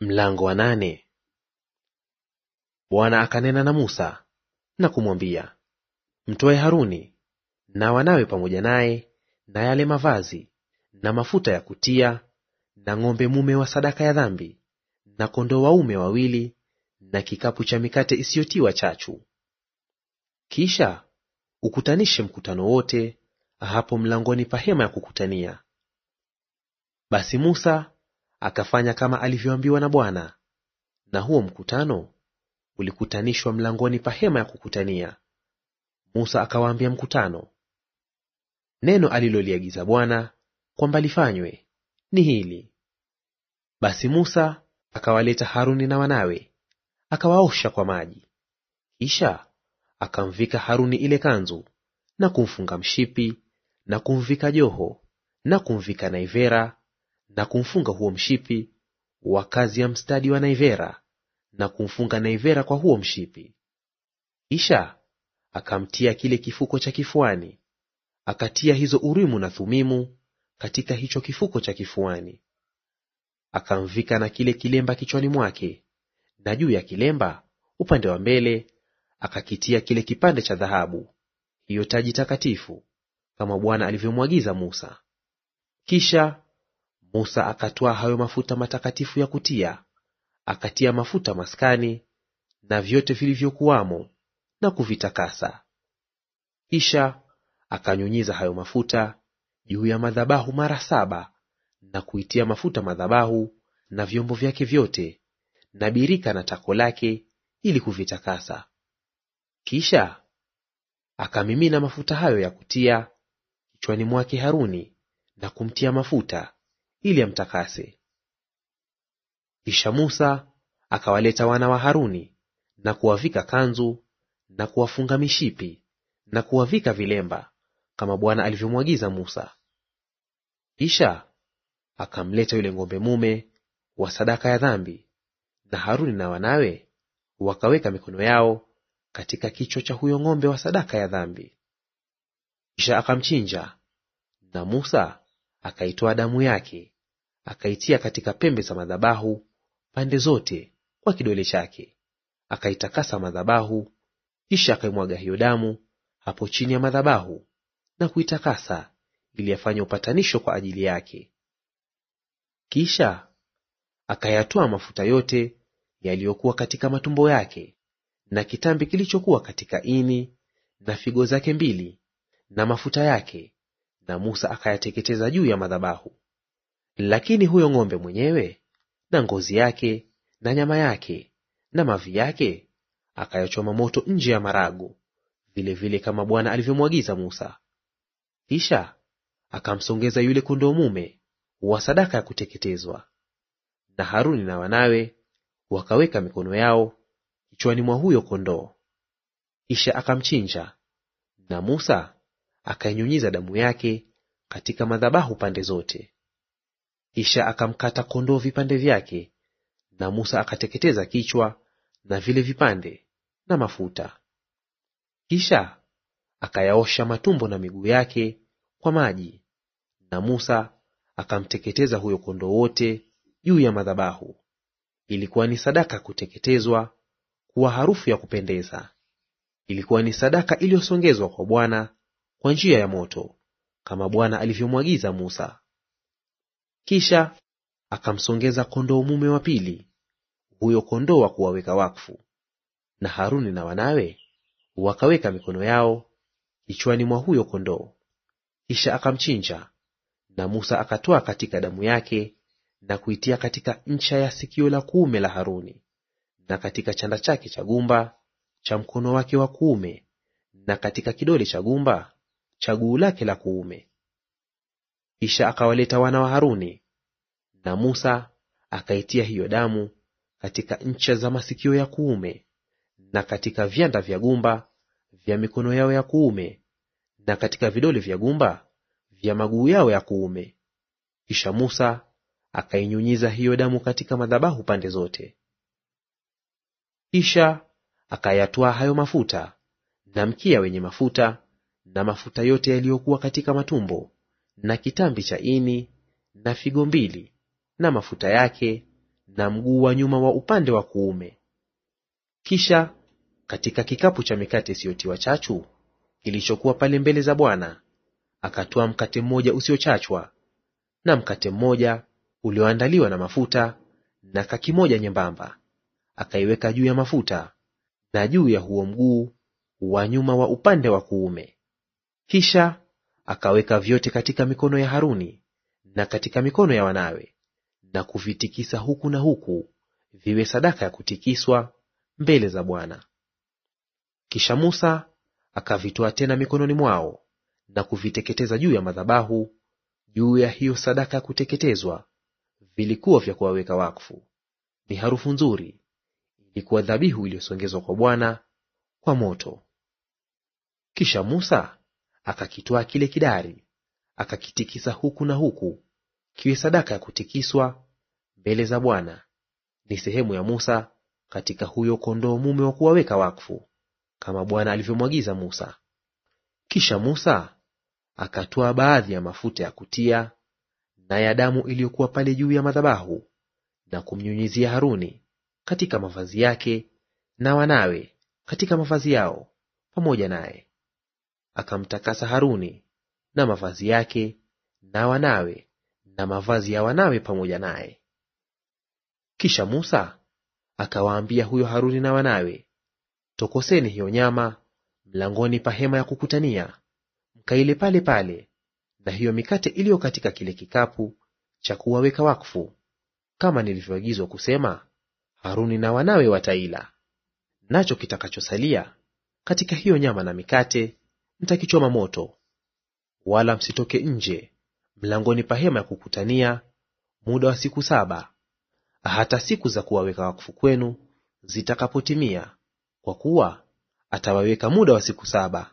Mlango wa nane. Bwana akanena na Musa na kumwambia, mtoe Haruni na wanawe pamoja naye na yale mavazi na mafuta ya kutia na ng'ombe mume wa sadaka ya dhambi na kondoo waume wawili na kikapu cha mikate isiyotiwa chachu. Kisha ukutanishe mkutano wote hapo mlangoni pa hema ya kukutania. Basi Musa akafanya kama alivyoambiwa na Bwana. Na huo mkutano ulikutanishwa mlangoni pa hema ya kukutania. Musa akawaambia mkutano, neno aliloliagiza Bwana kwamba lifanywe ni hili. Basi Musa akawaleta Haruni na wanawe, akawaosha kwa maji. Kisha akamvika Haruni ile kanzu na kumfunga mshipi na kumvika joho na kumvika naivera na kumfunga huo mshipi wa kazi ya mstadi wa naivera na kumfunga naivera kwa huo mshipi. Kisha akamtia kile kifuko cha kifuani, akatia hizo Urimu na Thumimu katika hicho kifuko cha kifuani. Akamvika na kile kilemba kichwani mwake, na juu ya kilemba upande wa mbele akakitia kile kipande cha dhahabu, hiyo taji takatifu, kama Bwana alivyomwagiza Musa. Kisha Musa akatoa hayo mafuta matakatifu ya kutia, akatia mafuta maskani na vyote vilivyokuwamo na kuvitakasa. Kisha akanyunyiza hayo mafuta juu ya madhabahu mara saba, na kuitia mafuta madhabahu na vyombo vyake vyote na birika na tako lake, ili kuvitakasa. Kisha akamimina mafuta hayo ya kutia kichwani mwake Haruni na kumtia mafuta ili amtakase. Kisha Musa akawaleta wana wa Haruni na kuwavika kanzu na kuwafunga mishipi na kuwavika vilemba kama Bwana alivyomwagiza Musa. Kisha akamleta yule ng'ombe mume wa sadaka ya dhambi, na Haruni na wanawe wakaweka mikono yao katika kichwa cha huyo ng'ombe wa sadaka ya dhambi. Kisha akamchinja, na Musa akaitoa damu yake akaitia katika pembe za madhabahu pande zote kwa kidole chake, akaitakasa madhabahu, kisha akaimwaga hiyo damu hapo chini ya madhabahu na kuitakasa, ili afanye upatanisho kwa ajili yake. Kisha akayatoa mafuta yote yaliyokuwa katika matumbo yake na kitambi kilichokuwa katika ini na figo zake mbili na mafuta yake, na Musa akayateketeza juu ya madhabahu. Lakini huyo ng'ombe mwenyewe na ngozi yake na nyama yake na mavi yake akayachoma moto nje ya maragu, vilevile kama Bwana alivyomwagiza Musa. Kisha akamsongeza yule kondoo mume wa sadaka ya kuteketezwa, na Haruni na wanawe wakaweka mikono yao kichwani mwa huyo kondoo. Kisha akamchinja, na Musa akainyunyiza damu yake katika madhabahu pande zote. Kisha akamkata kondoo vipande vyake, na Musa akateketeza kichwa na vile vipande na mafuta. Kisha akayaosha matumbo na miguu yake kwa maji, na Musa akamteketeza huyo kondoo wote juu ya madhabahu. Ilikuwa ni sadaka kuteketezwa kuwa harufu ya kupendeza. Ilikuwa ni sadaka iliyosongezwa kwa Bwana kwa njia ya moto, kama Bwana alivyomwagiza Musa. Kisha akamsongeza kondoo mume wa pili, huyo kondoo wa kuwaweka wakfu. Na Haruni na wanawe wakaweka mikono yao kichwani mwa huyo kondoo. Kisha akamchinja, na Musa akatoa katika damu yake na kuitia katika ncha ya sikio la kuume la Haruni, na katika chanda chake cha gumba cha mkono wake wa kuume, na katika kidole cha gumba cha guu lake la kuume. Kisha akawaleta wana wa Haruni na Musa akaitia hiyo damu katika ncha za masikio ya kuume na katika vyanda vya gumba vya mikono yao ya kuume na katika vidole vya gumba vya maguu yao ya kuume. Kisha Musa akainyunyiza hiyo damu katika madhabahu pande zote. Kisha akayatwaa hayo mafuta na mkia wenye mafuta na mafuta yote yaliyokuwa katika matumbo na kitambi cha ini na figo mbili na mafuta yake na mguu wa nyuma wa upande wa kuume. Kisha katika kikapu cha mikate isiyotiwa chachu kilichokuwa pale mbele za Bwana akatoa mkate mmoja usiochachwa na mkate mmoja ulioandaliwa na mafuta na kaki moja nyembamba, akaiweka juu ya mafuta na juu ya huo mguu wa nyuma wa upande wa kuume. Kisha akaweka vyote katika mikono ya Haruni na katika mikono ya wanawe, na kuvitikisa huku na huku, viwe sadaka ya kutikiswa mbele za Bwana. Kisha Musa akavitoa tena mikononi mwao na kuviteketeza juu ya madhabahu juu ya hiyo sadaka ya kuteketezwa; vilikuwa vya kuwaweka wakfu. Ni harufu nzuri, ilikuwa dhabihu iliyosongezwa kwa Bwana kwa moto. Kisha Musa akakitoa kile kidari, akakitikisa huku na huku kiwe sadaka ya kutikiswa mbele za Bwana, ni sehemu ya Musa katika huyo kondoo mume wa kuwaweka wakfu, kama Bwana alivyomwagiza Musa. Kisha Musa akatoa baadhi ya mafuta ya kutia na ya damu iliyokuwa pale juu ya madhabahu na kumnyunyizia Haruni katika mavazi yake na wanawe katika mavazi yao pamoja naye. Akamtakasa Haruni na mavazi yake na wanawe na mavazi ya wanawe pamoja naye. Kisha Musa akawaambia huyo Haruni na wanawe, tokoseni hiyo nyama mlangoni pa hema ya kukutania, mkaile pale pale, na hiyo mikate iliyo katika kile kikapu cha kuwaweka wakfu, kama nilivyoagizwa kusema, Haruni na wanawe wataila. Nacho kitakachosalia katika hiyo nyama na mikate mtakichoma moto, wala msitoke nje mlangoni pa hema ya kukutania muda wa siku saba, hata siku za kuwaweka wakfu kwenu zitakapotimia, kwa kuwa atawaweka muda wa siku saba.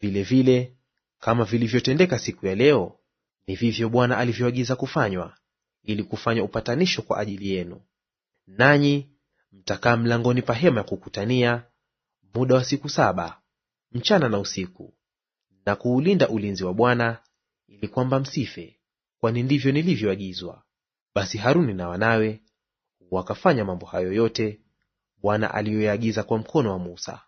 Vilevile vile, kama vilivyotendeka siku ya leo, ni vivyo Bwana alivyoagiza kufanywa, ili kufanya upatanisho kwa ajili yenu. Nanyi mtakaa mlangoni pa hema ya kukutania muda wa siku saba mchana na usiku, na kuulinda ulinzi wa Bwana ili kwamba msife, kwani ndivyo nilivyoagizwa. Basi Haruni na wanawe wakafanya mambo hayo yote Bwana aliyoyaagiza kwa mkono wa Musa.